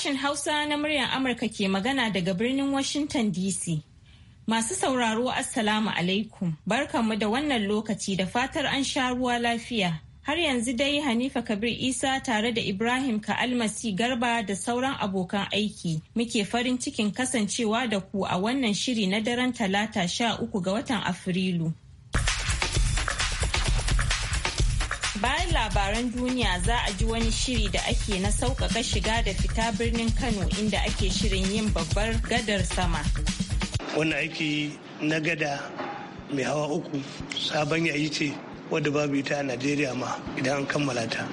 Sashen Hausa na muryar Amurka ke magana daga birnin Washington DC. Masu sauraro Assalamu alaikum, barkanmu da wannan lokaci da fatar an sha ruwa lafiya. Har yanzu dai Hanifa Kabir Isa tare da Ibrahim Ka'almasi Garba da sauran abokan aiki muke farin cikin kasancewa da ku a wannan shiri na daren talata sha uku ga watan Afrilu. Bayan labaran duniya za a ji wani shiri da ake na sauƙaƙa shiga da fita birnin Kano inda ake shirin yin babbar gadar sama. Wannan aiki na gada mai hawa uku sabon yayi ce wadda babu ita a Najeriya ma idan an kammala ta.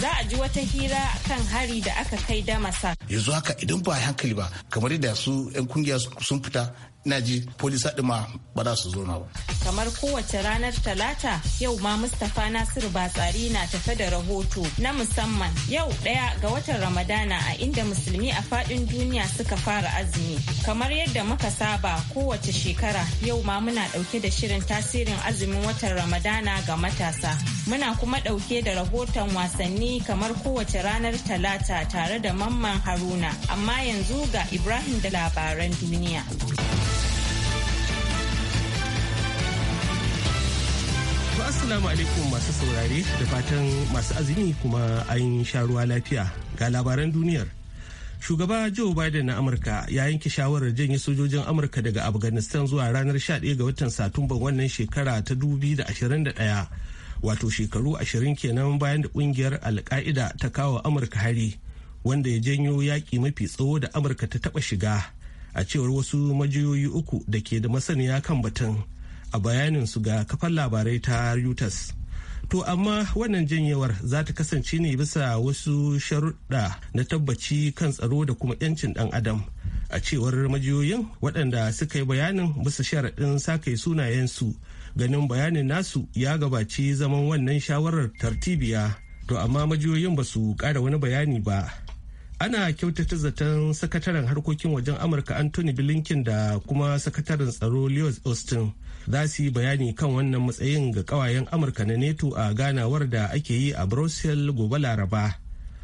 Za a ji wata hira kan hari da aka kai damasa. Yanzu haka idan ba hankali ba kamar yadda su 'yan kungiya sun fita na ji polisa ɗima ba za su zo na ba. kamar kowace ranar talata yau ma Mustapha Nasiru Batsari na tafe da rahoto na musamman yau ɗaya ga watan Ramadana a inda musulmi a fadin duniya suka fara azumi. Kamar yadda muka saba kowace shekara yau ma muna ɗauke da shirin tasirin azumin watan Ramadana ga matasa. Muna kuma ɗauke da rahoton wasanni kamar kowace ranar talata tare da mamman Haruna amma yanzu ga Ibrahim da labaran duniya. Assalamu alaikum masu saurare da fatan masu azumi kuma an sharuwa lafiya ga labaran duniyar. Shugaba Joe Biden na Amurka ya yanke shawarar janye sojojin Amurka daga Afghanistan zuwa ranar 11 ga watan Satumban wannan shekara ta 2021 wato shekaru 20 kenan bayan da kungiyar Alka'ida ta kawo Amurka hari wanda ya janyo yaƙi mafi tsawo da Amurka ta taɓa shiga a cewar wasu majiyoyi uku da ke da masaniya kan batun. a bayanin su ga kafar labarai ta reuters to amma wannan janyewar za ta kasance ne bisa wasu sharuɗa na tabbaci kan tsaro da kuma 'yancin ɗan adam a cewar majiyoyin waɗanda suka yi bayanin bisa sharaɗin sakai sunayensu ganin bayanin nasu ya gabaci zaman wannan shawarar tartibiya to amma majiyoyin ba su ƙara wani bayani ba ana kyautata zaton sakataren harkokin wajen amurka anthony blinken da kuma sakataren tsaro louis austin za su yi bayani kan wannan matsayin ga kawayen amurka na neto a ganawar da ake yi a brussels gobe laraba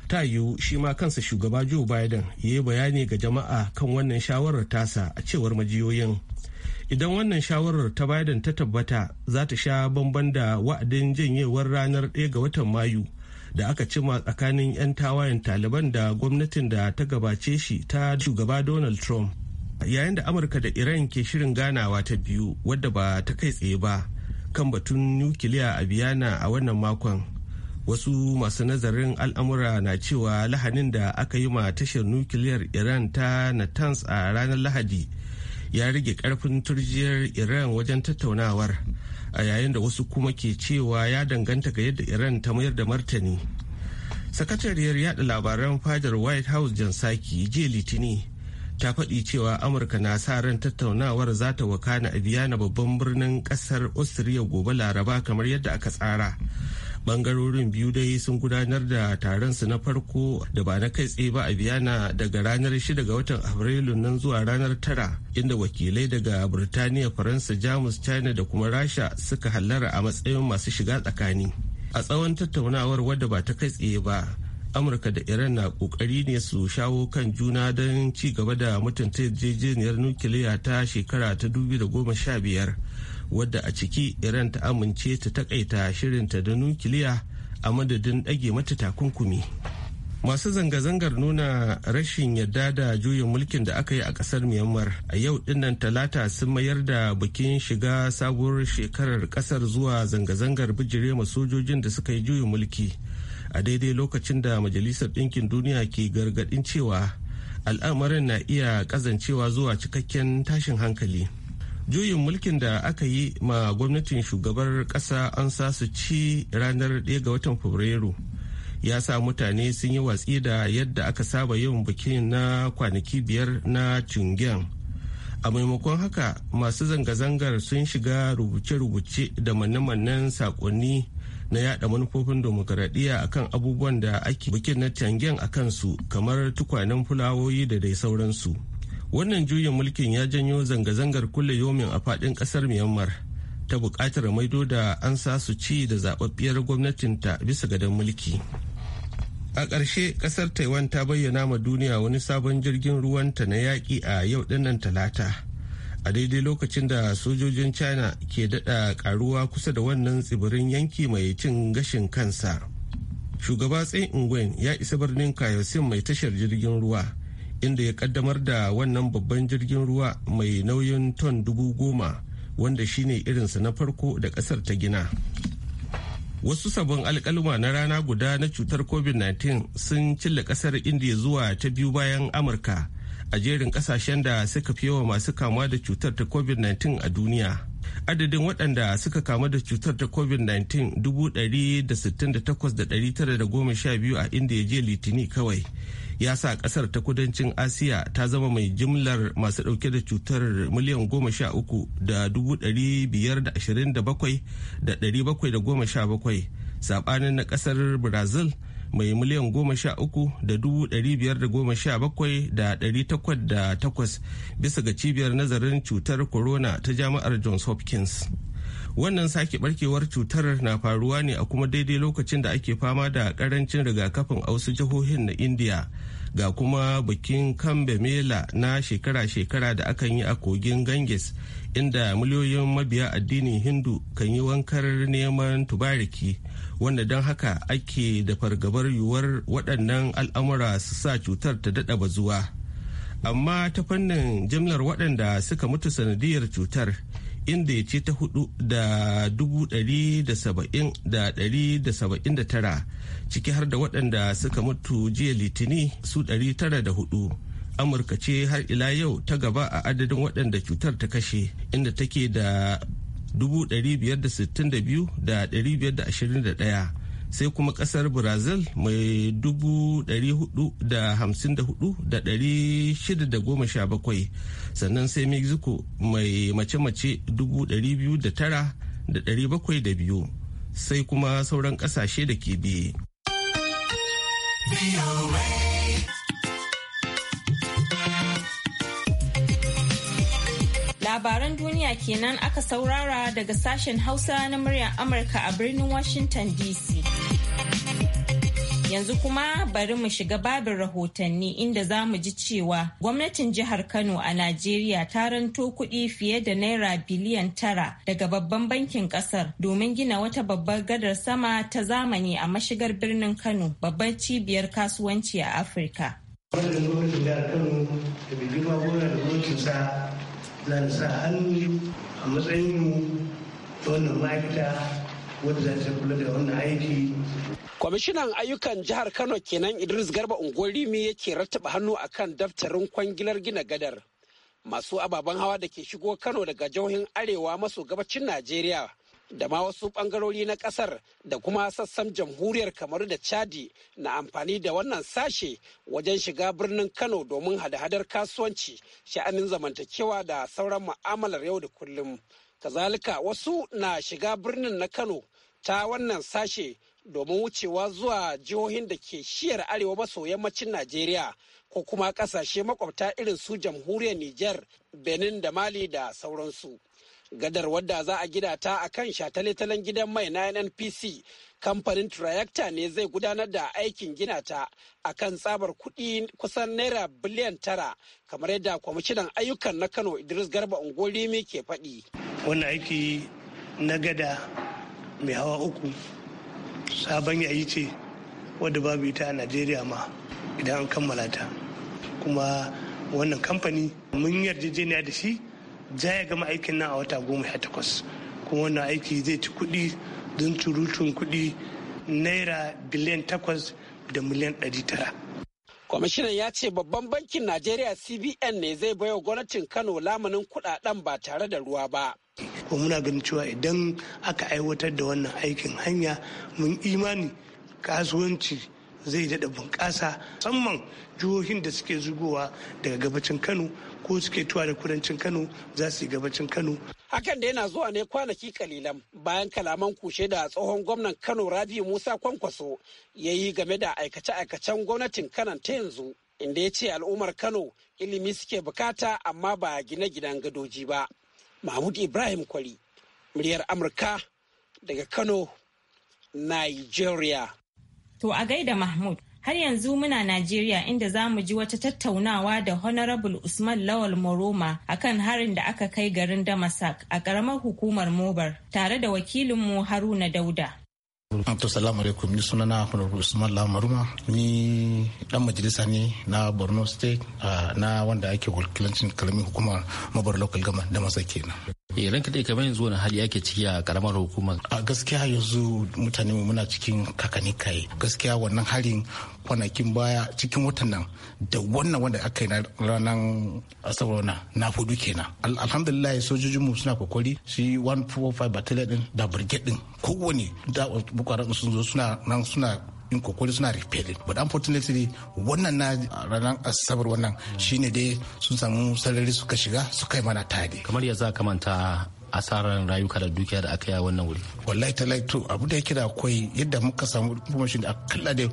ta yiwu shi ma kansa shugaba joe biden ya yi bayani ga jama'a kan wannan shawarar tasa a cewar majiyoyin idan wannan shawarar ta biden ta tabbata za ta sha bamban da wa'adin janyewar ranar 1 ga watan mayu da aka cima tsakanin 'yan tawayen taliban da gwamnatin da ta gabace shi ta shugaba donald trump yayin da amurka da iran ke shirin ganawa ta biyu wadda ba ta kai tsaye ba kan batun nukiliya a biyana a wannan makon wasu masu nazarin al'amura na cewa lahanin da aka yi ma tashar nukiliyar iran ta natanz a ranar lahadi ya rage karfin turjiyar iran wajen tattaunawar a yayin da wasu kuma ke cewa ya danganta ga yadda iran ta mayar da martani sakatariyar yada labaran fadar white house jan saki jiya litini ta faɗi cewa amurka na sa ran tattaunawar za ta wakana a biyana babban birnin ƙasar austria gobe laraba kamar yadda aka tsara bangarorin biyu dai sun gudanar da taron su na farko da ba na kai tsaye ba a biyana daga ranar 6 ga watan afrilu nan zuwa ranar 9 inda wakilai daga birtaniya faransa jamus china da kuma rasha suka hallara a matsayin masu shiga tsakani a tsawon tattaunawar wadda ba ta kai tsaye ba amurka da iran na kokari ne su shawo kan juna don ci gaba da mutunta yarjejeniyar nukiliya ta shekara ta sha biyar wadda a ciki iran ta amince ta takaita shirinta da nukiliya a madadin dage mata takunkumi masu zanga-zangar nuna rashin yarda da juyin mulkin da aka yi a kasar myanmar a yau dinnan talata sun mayar da bikin shiga sabuwar shekarar kasar zuwa zanga-zangar bijire sojojin da suka yi juyin mulki a daidai lokacin da majalisar ɗinkin duniya ke gargaɗin cewa al'amarin na iya kazancewa zuwa cikakken tashin hankali juyin mulkin da aka yi ma gwamnatin shugabar ƙasa an su ci ranar 1 ga watan fabrairu ya sa mutane sun yi watsi da yadda aka saba yin bikin na kwanaki biyar na tungen a maimakon haka masu zanga-zangar sun shiga rubuce-rubuce da manne-mannen saƙonni. na yada manufofin a akan abubuwan da ake bikin na tangen a kansu kamar tukwanen fulawoyi da dai sauransu wannan juyin mulkin ya janyo zanga-zangar kulle yomin a faɗin ƙasar myanmar ta buƙatar maido da an sa su ci da zaɓaɓɓiyar gwamnatinta bisa gadon mulki a ƙarshe ƙasar taiwan ta bayyana ma duniya wani sabon jirgin ruwanta na yaƙi a yau dinnan talata a daidai lokacin da sojojin china ke dada karuwa kusa da wannan tsibirin yanki mai cin gashin kansa shugaba tsayin ingwen ya isa birnin kayosin mai tashar jirgin ruwa inda ya kaddamar da wannan babban jirgin ruwa mai nauyin ton dubu goma wanda shine irinsa na farko da kasar ta gina wasu sabon alkalma na rana guda na cutar covid-19 sun cilla kasar indiya zuwa ta biyu bayan amurka a jerin kasashen da suka fi yawa masu kama da cutar ta covid-19 a duniya adadin waɗanda suka kamu da cutar ta covid-19 168,912 a inda ya je litini kawai ya sa ƙasar ta kudancin asiya ta zama mai jimlar masu ɗauke da cutar miliyan 13,527,717 saɓanin na ƙasar brazil mai miliyan goma sha uku da dubu ɗari biyar da goma sha bakwai da ɗari takwas da takwas bisa ga cibiyar nazarin cutar corona ta jami'ar johns hopkins wannan sake barkewar cutar na faruwa ne a kuma daidai lokacin da ake fama da karancin rigakafin a wasu jihohin na india ga kuma bikin mela na shekara-shekara da akan yi a kogin ganges inda miliyoyin mabiya addinin hindu kan yi wankar neman tubariki wanda don haka ake da fargabar yiwuwar waɗannan al'amura su sa cutar ta daɗa zuwa amma ta fannin jimlar waɗanda suka mutu sanadiyar cutar inda ya ce ta hudu da dubu dari da saba'in da dari da saba'in da tara ciki har da waɗanda suka mutu jiya litini su dari tara da hudu amurka ce har ila yau ta gaba a adadin waɗanda cutar ta kashe inda take da 562,521 sai kuma ƙasar brazil mai 454,617 sannan sai mexico mai mace-mace 209,702 sai kuma sauran ƙasashe da ke biye. Labaran duniya kenan aka saurara daga sashen Hausa na muryar Amurka a birnin Washington DC. Yanzu kuma bari mu shiga babin rahotanni inda za mu ji cewa gwamnatin jihar Kano a Najeriya ta ranto kuɗi fiye da naira biliyan tara daga babban bankin ƙasar domin gina wata babbar gadar sama ta zamani a mashigar birnin Kano babbar cibiyar kasuwanci a Afirka. zan sa hannu a matsayinmu ta wannan ma'aikata wadda za ta kula da wannan aiki kwamishinan ayyukan jihar kano kenan idris garba ungolimi yake rattaba hannu akan daftarin kwangilar gina gadar masu ababen hawa da ke shigo kano daga jihohin arewa maso gabacin najeriya da ma wasu bangarori na kasar da kuma sassan jamhuriyar kamar da chadi na amfani da wannan sashe wajen shiga birnin kano domin hada-hadar kasuwanci sha'anin zamantakewa da sauran ma'amalar yau da kullum kazalika wasu na shiga birnin na kano ta wannan sashe domin wucewa zuwa jihohin da ke shiyar arewa maso yammacin najeriya ko kuma kasashe makwabta irin su jamhuriyar niger benin da mali da sauransu Gadar wadda za a gida ta a kan shataletalen gidan mai na NNPC, kamfanin Trayacta ne zai gudanar da aikin gina ta a kan tsabar kudi kusan naira biliyan tara, kamar yadda kwamishinan ayyukan na Kano Idris Garba Ungolimi ke faɗi. Wani aiki na gada mai hawa uku sabon yayi ce wadda babu ita a Najeriya ma idan an kammala ta. Kuma wannan kamfani mun yarjejeniya da shi za ya gama aikin nan a wata goma sha takwas kuma wannan aiki zai ci kuɗi don turutun kuɗi naira biliyan takwas da miliyan ɗari tara. kwamishinan ya ce babban bankin najeriya cbn ne zai baiwa gwamnatin kano lamunin kuɗaɗen ba tare da ruwa ba kuma muna ganin cewa idan aka aiwatar da wannan aikin hanya mun imani kasuwanci zai daɗa bunƙasa musamman jihohin da suke zugowa daga gabacin kano ko suke tuwa da kudancin kano za su yi gabacin kano hakan da yana zuwa ne kwanaki kalilan bayan kalaman kushe da tsohon gwamnan kano rabi musa kwankwaso ya yi game da aikace-aikacen gwamnatin kanan ta yanzu inda ya ce al'ummar kano ilimi suke bukata amma ba gina gidan gadoji ba mahmud ibrahim kwari muryar amurka daga kano nigeria To a gaida Mahmud, har yanzu muna Najeriya inda za mu ji wata tattaunawa da Honorable Usman Lawal Moroma akan harin da aka kai garin Damasak a ƙaramar hukumar Mobar tare da wakilinmu Haruna Dauda. Abdulsalam alaikum ni sunana Honorable Usman Lawal Moroma. ni dan majalisa ne na Borno State ah, na wanda ake wakilancin kalamin hukumar Mobar Local Government da kenan. eh ka dai kamar yanzu wani hali ake ciki a karamar hukumar a gaskiya yanzu mutane mu muna cikin kakani kai gaskiya wannan halin kwanakin baya cikin watan nan da wannan wanda aka yi ranar asabar na na hudu kenan alhamdulillah sojojin mu suna kwakwari shi 145 battalion din da brigade din kowane da bukwaran sun zo suna nan suna in kokori suna repaired but unfortunately wannan na ranar asabar wannan shine dai sun samu sarari suka shiga suka yi mana tade kamar ya za kamanta asarar rayuka da dukiya da aka yi a wannan wuri wallahi ta laito abu da yake da akwai yadda muka samu information da akalla da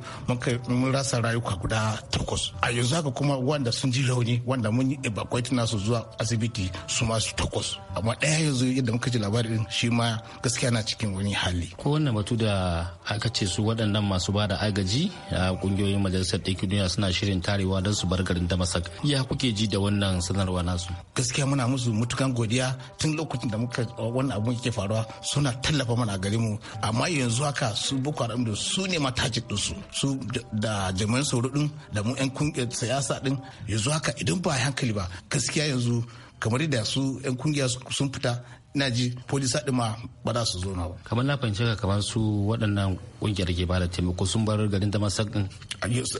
mun rasa rayuka guda takwas a yanzu haka kuma wanda sun ji rauni wanda mun yi evacuate nasu zuwa asibiti su ma su takwas amma ɗaya yanzu yadda muka ji labarin shi ma gaskiya na cikin wani hali ko wannan batu da aka ce su waɗannan masu ba da agaji a kungiyoyin majalisar ɗinkin duniya suna shirin tarewa don su bar garin damasak ya kuke ji da wannan sanarwa nasu gaskiya muna musu mutukan godiya tun lokacin da muka haka uh, wani abu ke faruwa suna tallafa mana a gare mu amma yanzu haka su boko haram da su ne mataji din su su da jami'an tsaro din da mu yan kungiyar siyasa din yanzu haka idan ba hankali ba gaskiya yanzu kamar da su yan kungiya sun fita ina ji polisa din ma ba za su zo na ba kamar na fahimci kamar su waɗannan kungiyar ke da taimako sun bar garin masu din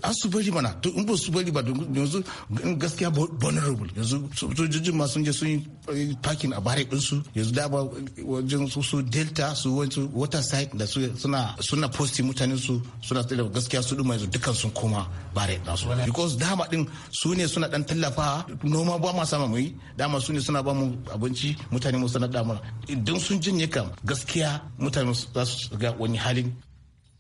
an su bari mana to in ba su bari ba yanzu gaskiya vulnerable yanzu sojojin ma sun je sun yi eh, parking a bare din su yanzu da ba eh, wajen su su delta su wancan water side da suna suna posti mutanen su suna tsira gaskiya su duma yanzu dukkan sun koma bare din su because dama ɗin su ne suna dan tallafa noma ba ma sama mu yi dama su ne suna ba mu abinci mutane mu suna damar idan sun jinye kam gaskiya mutane za su ga wani halin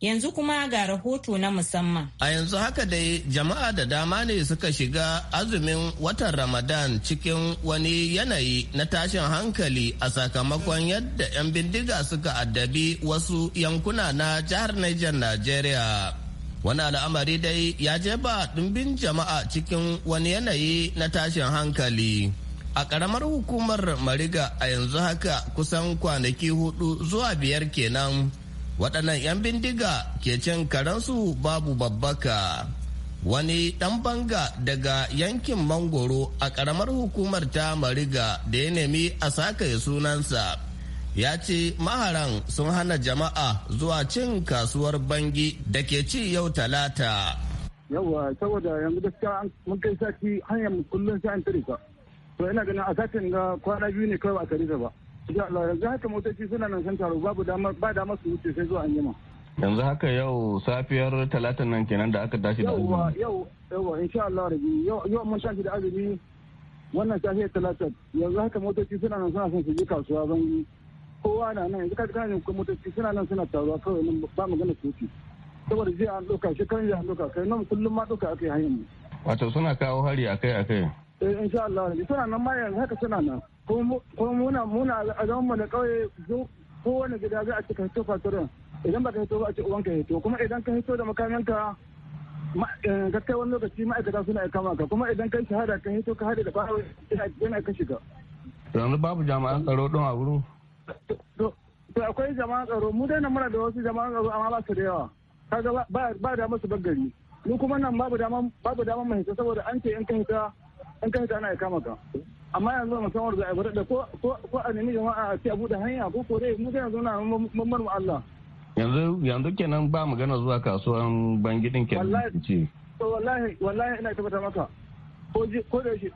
Yanzu kuma ga rahoto na musamman. A yanzu haka dai jama'a da dama ne suka shiga azumin watan Ramadan cikin wani yanayi na tashin hankali a sakamakon yadda 'yan bindiga suka addabi wasu yankuna na jihar Niger Najeriya. Wani al'amari dai ya je ba ɗumbin jama'a cikin wani yanayi na tashin hankali. A ƙaramar hukumar Mariga a yanzu haka kusan kwanaki hudu zuwa biyar kenan. waɗannan 'yan bindiga ke cin karensu babu babbaka wani ɗan banga daga yankin mangoro a ƙaramar hukumar ta mariga da ya nemi a sakaye sunansa ya ce maharan sun hana jama'a zuwa cin kasuwar bangi da ke ci yau talata yawa saboda yanzu gaskiya mun kai sati hanyar kullum sai an to ina ganin a satin da kwana biyu ne kawai a tare ba yanzu haka motoci suna nan san taro babu ba dama su wuce sai zuwa anjima yanzu haka yau safiyar talatin nan kenan da aka tashi da azumi yau yau insha Allah rabi yau yau mun shafi da azumi wannan safiyar talatin yanzu haka motoci suna nan suna son su je kasuwa ban kowa na nan yanzu ka gane ko motoci suna nan suna taruwa kawai nan ba magana su wuce saboda jiya an doka, shekaran jiya an doka, kai nan kullum ma ɗauka akai hanyar wato suna kawo hari akai akai eh insha Allah rabi suna nan ma yanzu haka suna nan ko muna muna a zaman mu na ko kowane gida za a ce ka hito faturan idan ba ka hito ba a ce uban ka hito kuma idan ka hito da makaminka ka eh, kai wani lokaci ma'aikata suna kama maka kuma idan ka yi shahada ka hito ka hada da bawa yana ka shiga. yanzu babu jama'an tsaro don a wuri. to akwai jama'an tsaro mu dai nan muna da wasu jama'an tsaro amma ba su da yawa kaga ba da masu bagari mu kuma nan babu dama babu dama saboda an ce in ka hita in ka hita ana amma yanzu mu samar da ibada ko ko a nemi jama'a a ce a bude hanya ko ko dai mu yanzu na mamar mu Allah yanzu yanzu kenan ba magana zuwa kasuwan bangidin kenan wallahi wallahi wallahi ina tabbata maka ko da shi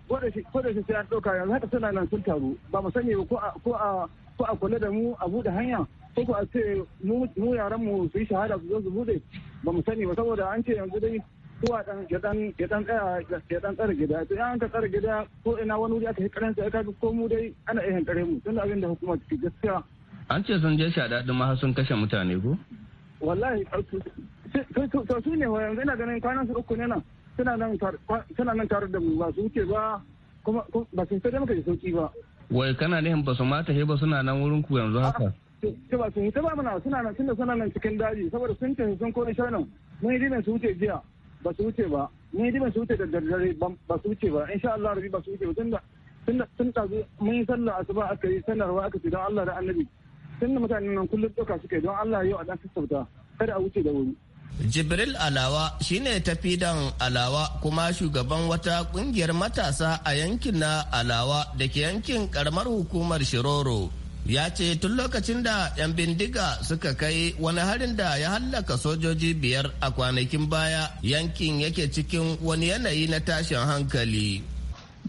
ko da shi sai an dauka yanzu haka suna nan sun taru ba mu sani ko a ko a ko a kula da mu a bude hanya ko ko a ce mu yaran mu su yi shahada su zo su bude ba mu sani ba saboda an ce yanzu dai duwatsan ya dan ya dan tsaya ya dan tsare gida to an ka tsare gida ko ina wani wuri aka yi karanci aka ga ko mu dai ana iya hankare mu tun abin da hukuma take gaskiya an ce sun je shi a daɗin ma sun kashe mutane ko wallahi to su ne wa yanzu ina ganin kwanan su uku ne nan suna nan suna nan tare da mu ba su wuce ba kuma ba su fita maka da sauki ba wai kana nihin ba su mata ba suna nan wurin ku yanzu haka ce ba su hita ba mana suna nan tunda suna nan cikin daji saboda sun ce sun kone shanan mun yi dinan su wuce jiya ba su wuce ba ni dai ba su wuce da daddare ba su wuce ba insha Allah rabi ba su wuce ba tunda tun da mun yi sallah asuba aka yi sanarwa aka ce don Allah da annabi tun da mutanen nan kullum doka suka yi don Allah yau a ɗan sassauta kada a wuce da wuri. Jibril Alawa shine tafidan Alawa kuma shugaban wata kungiyar matasa a yankin na Alawa da ke yankin karamar hukumar Shiroro. ya ce tun lokacin da 'yan bindiga suka kai wani harin da ya hallaka sojoji biyar a kwanakin baya yankin yake cikin wani yanayi na tashin hankali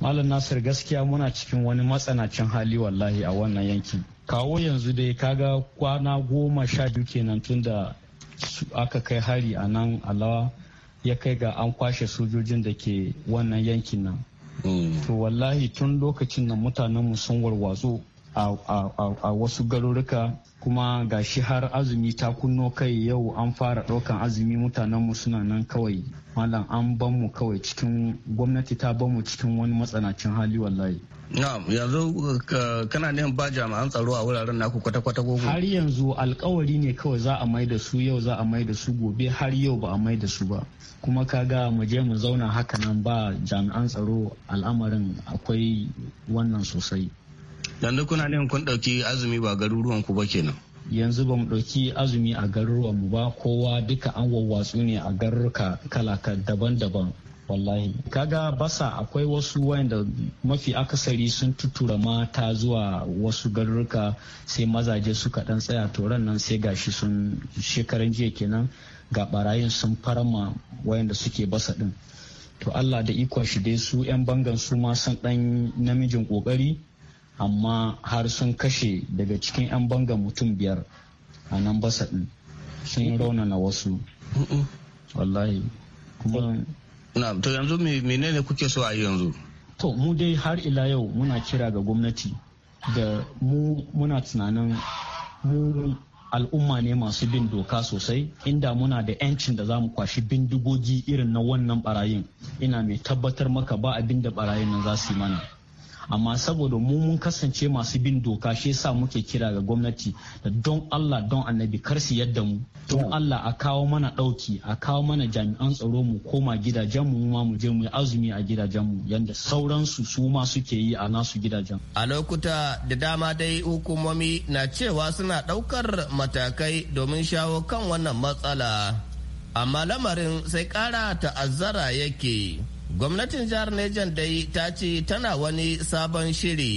malam nasir gaskiya muna cikin wani matsanacin hali wallahi a wannan yankin kawo yanzu dai kaga kwana goma sha biyu kenan tun da aka kai hari a nan alawa ya kai ga an kwashe sojojin da ke wannan yankin nan mm. to wallahi tun lokacin nan mutanenmu sun warwatsu a wasu garuruka kuma gashi har azumi ta kunno kai yau an fara ɗaukan azumi mutanenmu suna nan kawai malam an ban mu kawai cikin gwamnati ta ban mu cikin wani matsanacin hali wallahi na'am yanzu kana neman ba jami'an tsaro a wuraren naku kwata-kwata gogo har yanzu alkawari ne kawai za a mai da su yau za a mai da su gobe har yau ba a mai da su ba kuma kaga mu je mu zauna haka nan ba jami'an tsaro al'amarin akwai wannan sosai yanzu kuna neman kun ɗauki azumi ba garuruwan ku ba kenan yanzu ba mu ɗauki azumi a garuruwan mu ba kowa duka an wawwatsu ne a garuruka kalaka daban-daban wallahi kaga basa akwai wasu wanda mafi akasari sun tutura mata zuwa wasu garuruka sai mazaje suka dan tsaya ran nan sai gashi sun shekaran jiya kenan ga barayin sun farama wayanda suke basa din to allah da ikon shi dai su 'yan bangan su ma san dan namijin kokari amma har sun kashe daga cikin 'yan banga mutum biyar a nan basa ɗin sun raunana wasu wallahi kuma na to yanzu menene kuke so a yanzu to mu dai har ila yau muna kira ga gwamnati da mu muna tunanin mu al'umma ne masu bin doka sosai inda muna da 'yancin da za mu kwashi bindigogi irin na wannan barayin ina mai tabbatar maka ba abin da barayin nan za su yi mana amma saboda mu mun kasance masu bin doka shi yasa muke kira ga gwamnati da don Allah don annabi kar su yadda mu don Allah a kawo mana ɗauki a kawo mana jami'an tsaro mu koma gidajen mu ma mu je mu yi azumi a gidajen mu yanda sauransu su ma suke yi a nasu gidajen. A lokuta da dama dai hukumomi na cewa suna ɗaukar matakai domin shawo kan wannan matsala amma lamarin sai ƙara ta'azzara yake. gwamnatin jihar Nejan dai ta ce tana wani sabon shiri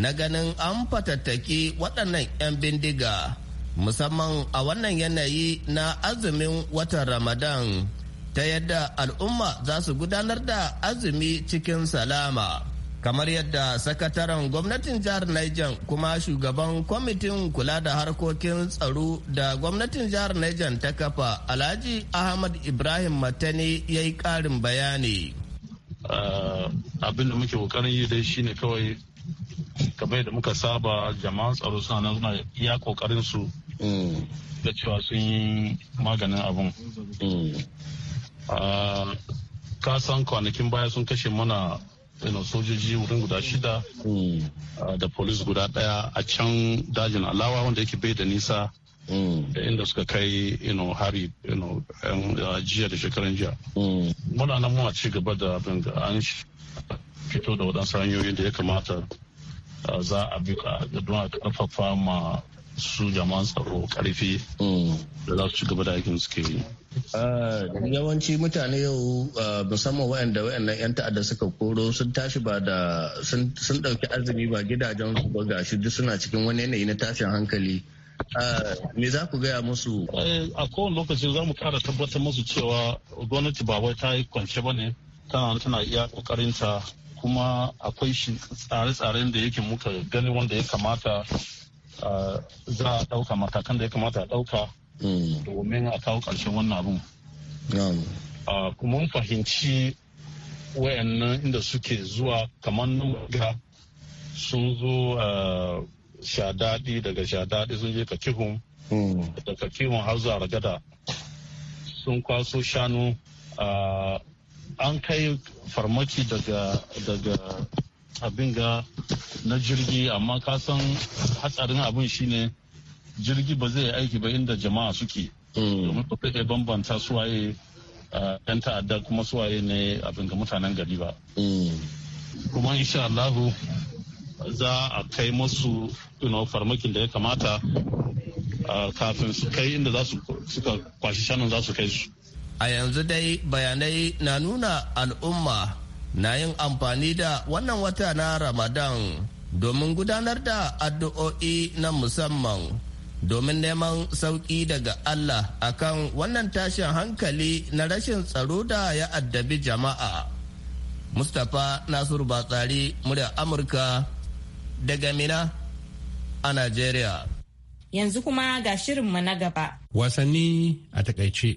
na ganin an fatattaki waɗannan 'yan bindiga musamman a wannan yanayi na azumin watan ramadan ta yadda al'umma za su gudanar da azumi cikin salama kamar yadda sakataren gwamnatin jihar Niger kuma shugaban kwamitin kula da harkokin tsaro da gwamnatin jihar Niger ta kafa Alhaji Ahmad Ibrahim Matani ya yi karin bayani. Ah, abin da muke ƙoƙarin yi dai shine kawai kamar da muka saba jama'an tsaro suna nan suna iya kokarin su da cewa sun yi maganin abin. Mm. Ah, ka san kwanakin baya sun kashe mana sojoji wurin guda shida mm. ah, da polis guda daya a can dajin alawa wanda yake bai da nisa mm. da inda suka kai hari ah, jiya da shekaran jiya mm. muna nan muna ci gaba da an fito da waɗansu hanyoyin da ya kamata ah, za a bi don a karfafa ma su jama'an tsaro karfi da za su ci gaba da aikin suke yi Ah, yawanci mutane yau ah, musamman waɗanda waɗannan 'yan ta'adda suka koro sun tashi ba da sun ɗauki azumi ba gidajen su ba ga duk suna cikin wani yanayi na tashin hankali ah, me za ku gaya musu eh, a kowane lokaci za mu kara tabbatar musu cewa gwamnati ba wai ta yi kwance ba ne tana tana iya ta kuma akwai shi tsare-tsaren da yake muka gani wanda ya kamata za a ɗauka matakan da ya kamata a ɗauka Mm. domin a kawo ƙarshen wannan abin. Kuma fahimci wayannan inda suke zuwa kamar nan ga sun zo daɗi daga daɗi sun je kakihun mm. daga kakihun har zuwa ragada sun kwaso shanu an kai farmaki daga abin ga na jirgi amma kasan hatsarin abin shine jirgi ba zai aiki ba inda jama'a suke hmm. domin ba zai bambanta suwaye yan ta'adda kuma suwaye ne abin ga mutanen gari ba hmm. kuma insha Allahu za a kai masu farmakin da ya kamata kafin su kai inda za su kwashi shanun za su kai su a yanzu dai bayanai na nuna al'umma na yin amfani da wannan wata na ramadan domin gudanar da addu'o'i na musamman domin neman sauƙi daga Allah akan wannan tashin hankali na rashin tsaro da ya addabi jama'a. Mustapha Nasiru Batsari murya Amurka daga Mina a Najeriya. Yanzu kuma ga shirin shirinmu na gaba. Wasanni a takaice.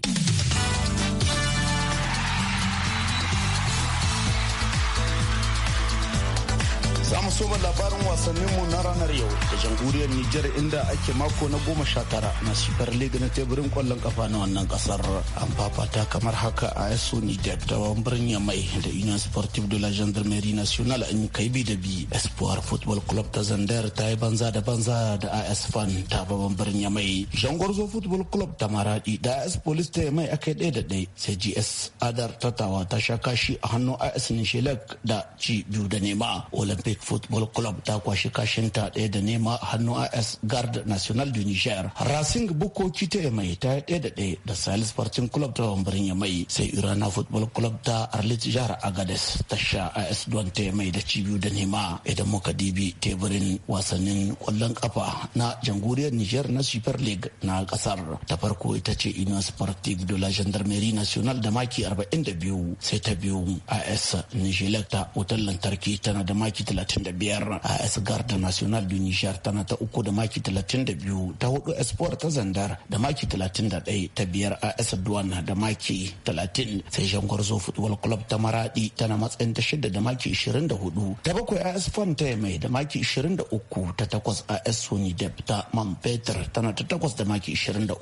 soma labarin wasanninmu na ranar yau da jamhuriyar Nijar inda ake mako na goma sha tara na Super League na teburin kwallon kafa na wannan kasar. An fafata kamar haka a yaso Nijar da birnin Yamai da Union Sportive de la Gendarmerie Nationale an kai bi da bi. Espoir Football Club ta Zandar ta yi banza da banza da AS Fan ta babban birnin Yamai. Jangorzo Football Club ta Maradi da AS Police ta Yamai aka ɗaya da ɗaya sai GS Adar tawa ta sha kashi a hannun AS Nishelek da ci biyu da nema. Olympic Football football club ta kwashi kashin ta ɗaya da nema hannu as guard national du niger racing bukoki ta mai ta ɗaya da ɗaya da sahel sporting club ta wambarin mai sai irana football club ta arlit jihar agades ta sha as don ta mai da cibiyu da nema idan muka dibi teburin wasannin kwallon kafa na jamhuriyar niger na super league na kasar ta farko ita ce union sportive de la gendarmerie national da maki 42 sai ta biyu as nigelecta wutar lantarki tana da maki 32 biyar AS Garda National du Niger tana ta uku da maki talatin da biyu ta hudu Espoir ta Zandar da maki talatin da ɗaya ta biyar AS Duwana da maki talatin sai zo Football Club ta Maradi tana matsayin ta shida da maki ishirin da hudu ta bakwai AS Fonte mai da maki ishirin da uku ta takwas AS Sony Dep ta Man Peter tana ta takwas da maki ishirin da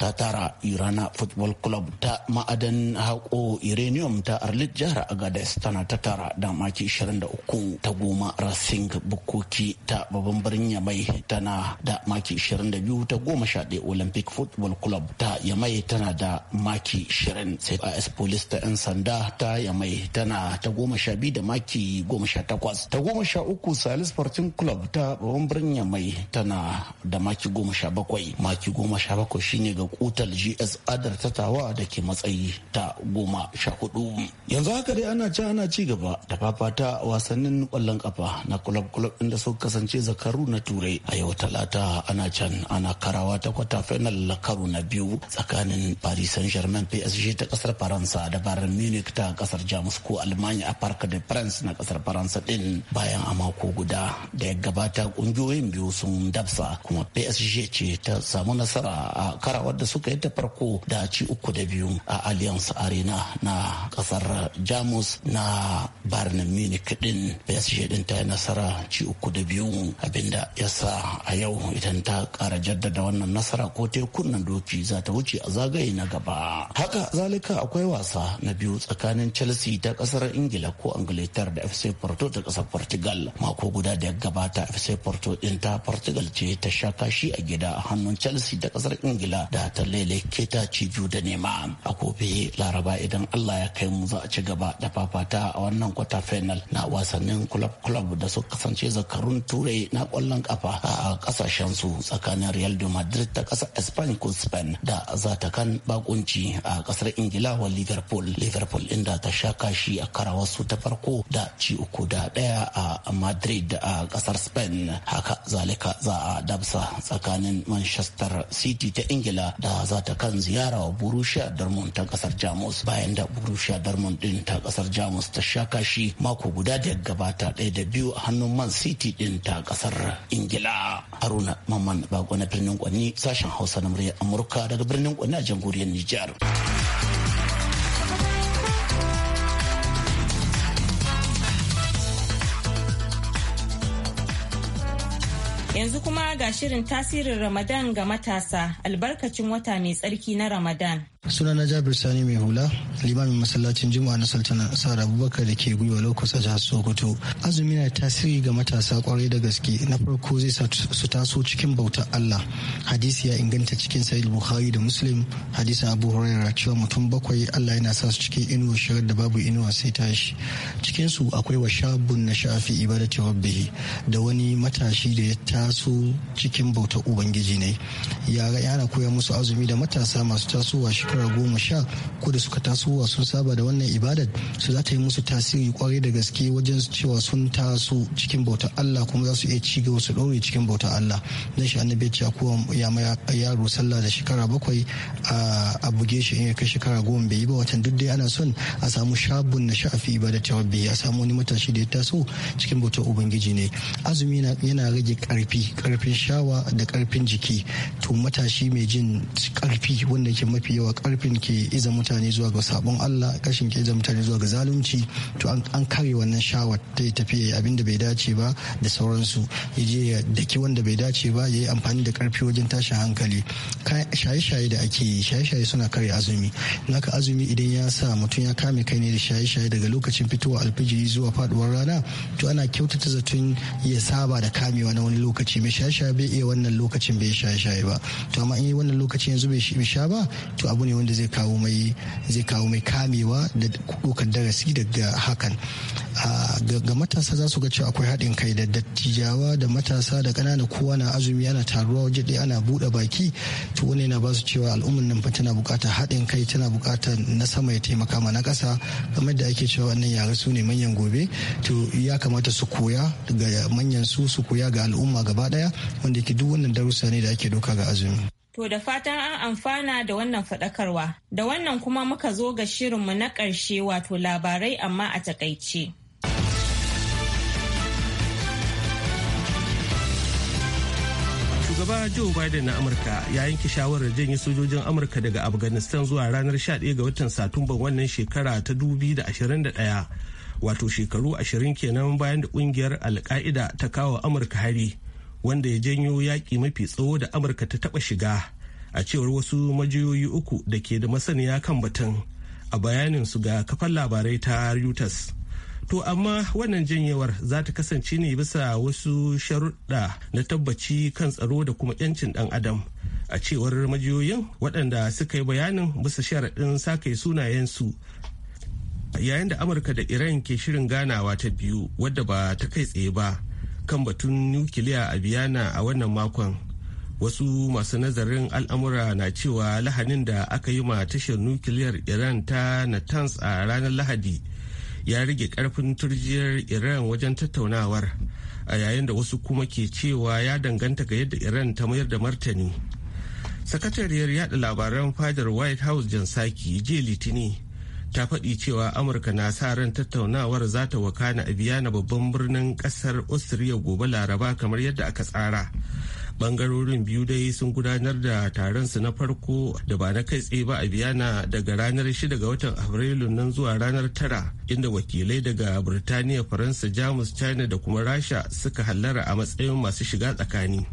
ta tara Irana Football Club ta ma'adan hako iranium ta Arlit jihar Agades tana ta tara da maki ishirin da ta goma Singh bukoki ta babban birnin yamai tana da maki 22 ta goma sha ɗaya olympic football club ta yamai tana da maki 20 sai as police ta 'yan sanda ta yamai tana ta goma sha biyu da maki goma sha takwas ta goma sha uku salis sporting club ta babban birnin yamai tana da maki goma sha bakwai maki goma sha bakwai shine ga kutal gs adar ta tawa da ke matsayi ta goma sha hudu yanzu haka dai ana ci ana ci gaba da fafata wasannin kwallon kafa na kulab-kulab inda suka kasance zakaru na turai a yau talata ana can ana karawa ta kwata final karo na biyu tsakanin paris saint germain psg ta kasar faransa da bayern munich ta kasar jamus ko almanya a park de prince na kasar faransa din bayan a mako guda da ya gabata kungiyoyin biyu sun dabsa kuma psg ce ta samu nasara a karawar da suka yi ta farko da ci uku da biyu a alliance arena na kasar jamus na bayern munich din psg din ta yi nasara ci uku da biyu abinda ya sa a yau idan ta kara jaddada wannan nasara ko ta kunnan doki za ta wuce a zagaye na gaba haka zalika akwai wasa na biyu tsakanin chelsea ta kasar ingila ko angletar da fc porto ta kasar portugal mako guda da ya gabata fc porto din ta portugal ce ta sha kashi a gida a hannun chelsea ta kasar ingila da ta leleke ta ci biyu da nema a gobe laraba idan allah ya kai mu za a ci gaba da fafata a wannan kwata final na wasannin club club da su kasance zakarun turai na kwallon kafa a kasashen su tsakanin real de madrid ta kasar spain ko spain da kan bakunci a kasar ingila wa liverpool liverpool inda ta sha kashi a karawarsu ta farko da ci uku da daya a madrid a kasar spain haka zalika za a dabsa tsakanin manchester city ta ingila da zatakan ziyara wa borussia dortmund ta kasar jamus bayan da borussia dortmund din ta kasar jamus ta sha kashi mako guda da gabata daya da biyu a hannun Man City din ta kasar Ingila. Haruna Mamman Bago na birnin Kwanni sashen Hausa na murya Amurka daga birnin Kwanni a jamhuriyar Nijar. Yanzu kuma ga shirin tasirin Ramadan ga matasa albarkacin wata mai tsarki na Ramadan. Sunana Jabir Sani mai hula, limamin masallacin Juma'a na Sultana Sa'ad Abubakar da ke gwiwa lokacin a jihar Sokoto. Azumi na tasiri ga matasa kwarai da gaske. Na farko zai su taso cikin bautar Allah. Hadisi ya inganta cikin Sahih Bukhari da Muslim, hadisin Abu Hurairah cewa mutum bakwai Allah yana sa su cikin inuwa shirar da babu inuwa sai tashi. Cikin su akwai wa shabun na shafi ibadati rabbihi da wani matashi da ya sanya su cikin bautar ubangiji ne yara yana koya musu azumi da matasa masu tasowa shekara goma sha ko da suka tasowa sun saba da wannan ibadar su za ta yi musu tasiri kwarai da gaske wajen cewa sun taso cikin bautar Allah kuma za su iya ci gaba su ɗaure cikin bautar Allah na shi annabi ya ce ya ma yaro sallah da shekara bakwai a buge shi in ya kai shekara goma bai yi ba watan duk dai ana son a samu shabun na sha'afi ibadar rabbi a samu wani matashi da ya taso cikin bautar ubangiji ne azumi yana rage karfi karfi karfin shawa da karfin jiki to matashi mai jin karfi wanda ke mafi yawa karfin ke iza mutane zuwa ga sabon Allah kashin ke iza mutane zuwa ga zalunci to an kare wannan shawa ta yi tafiya abin da bai dace ba da sauransu ya je ya daki wanda bai dace ba ya yi amfani da karfi wajen tashin hankali shaye-shaye da ake yi shaye-shaye suna kare azumi naka azumi idan ya sa mutum ya kame kai ne da shaye-shaye daga lokacin fitowa alfijiri zuwa faduwar rana to ana kyautata zaton ya saba da kamewa na wani lokaci lokaci mai shasha bai iya wannan lokacin bai shaye ba to amma in yi wannan lokacin yanzu bai sha ba to abu ne wanda zai kawo mai zai kawo mai kamewa da ɗaukar darasi daga hakan ga matasa za su ga cewa akwai haɗin kai da dattijawa da matasa da ƙanana kowa na azumi ana taruwa waje ɗaya ana buɗe baki to wani na ba su cewa al'ummar nan fa tana buƙatar haɗin kai tana buƙatar na sama ya taimaka ma na ƙasa kamar da ake cewa wannan yara su ne manyan gobe to ya kamata su koya daga manyan su su koya ga al'umma gaba gaba daya wanda yake duk wannan darussa ne da ake doka ga azumi To da fatan an amfana da wannan faɗakarwa. Da wannan kuma muka zo ga shirinmu na ƙarshe wato labarai amma a takaice. Shugaba Joe Biden na Amurka ya yanke shawarar janye sojojin Amurka daga Afghanistan zuwa ranar 11 ga watan Satumban wannan shekara ta 2021. Wato shekaru ashirin kenan bayan da kungiyar Alka'ida ta kawo Amurka hari. wanda ya janyo yaƙi mafi tsawo da amurka ta taɓa shiga a cewar wasu majiyoyi uku da ke da masaniya kan batun a bayanin su ga kafar labarai ta reuters to amma wannan janyewar za ta kasance ne bisa wasu sharuɗa na tabbaci kan tsaro da kuma 'yancin ɗan adam a cewar majiyoyin waɗanda suka yi bayanin bisa sharaɗin sakai sunayensu yayin da amurka da iran ke shirin ganawa ta biyu wadda ba ta kai tsaye ba kan batun nukiliya a biyana a wannan makon wasu masu nazarin al'amura na cewa lahanin da aka yi ma tashar nukiliyar iran ta natanz a ranar lahadi ya rage karfin turjiyar iran wajen tattaunawar a yayin da wasu kuma ke cewa ya danganta ga yadda iran ta mayar da martani sakatariyar yada labaran fadar white house jan saki jiya litini ta faɗi cewa amurka na sa ran tattaunawar za ta wakana a biyana babban birnin ƙasar austria gobe laraba kamar yadda aka tsara bangarorin biyu dai sun gudanar da taron su na farko da ba na kai tsaye ba a biyana daga ranar 6 ga watan afrilu nan zuwa ranar 9 inda wakilai daga birtaniya faransa jamus china da kuma rasha suka hallara a matsayin masu shiga tsakani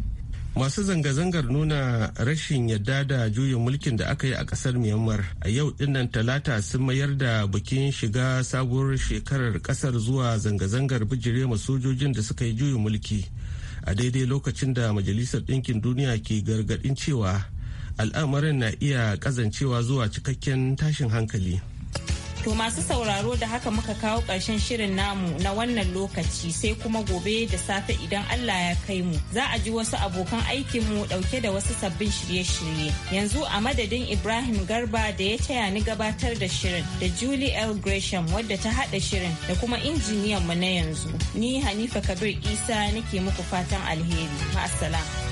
masu zanga-zangar nuna rashin yadda da juyin mulkin da aka yi a kasar myanmar a yau dinnan talata sun mayar da bikin shiga sabuwar shekarar kasar zuwa zanga-zangar bijire sojojin da suka yi juyin mulki a daidai lokacin da majalisar ɗinkin duniya ke gargaɗin cewa al'amarin na iya ƙazancewa zuwa cikakken tashin hankali. To masu sauraro da haka muka kawo ƙarshen shirin namu na wannan lokaci sai kuma gobe da safe idan Allah ya kai mu. Za a ji wasu abokan aikinmu ɗauke da wasu sabbin shirye-shirye. Yanzu a madadin Ibrahim Garba da ya taya ni gabatar da shirin da Julie L. Gresham wadda ta haɗa shirin da kuma injiniyan mu na yanzu. Ni Hanifa Kabir Isa nake muku fatan alheri. Ma'asala.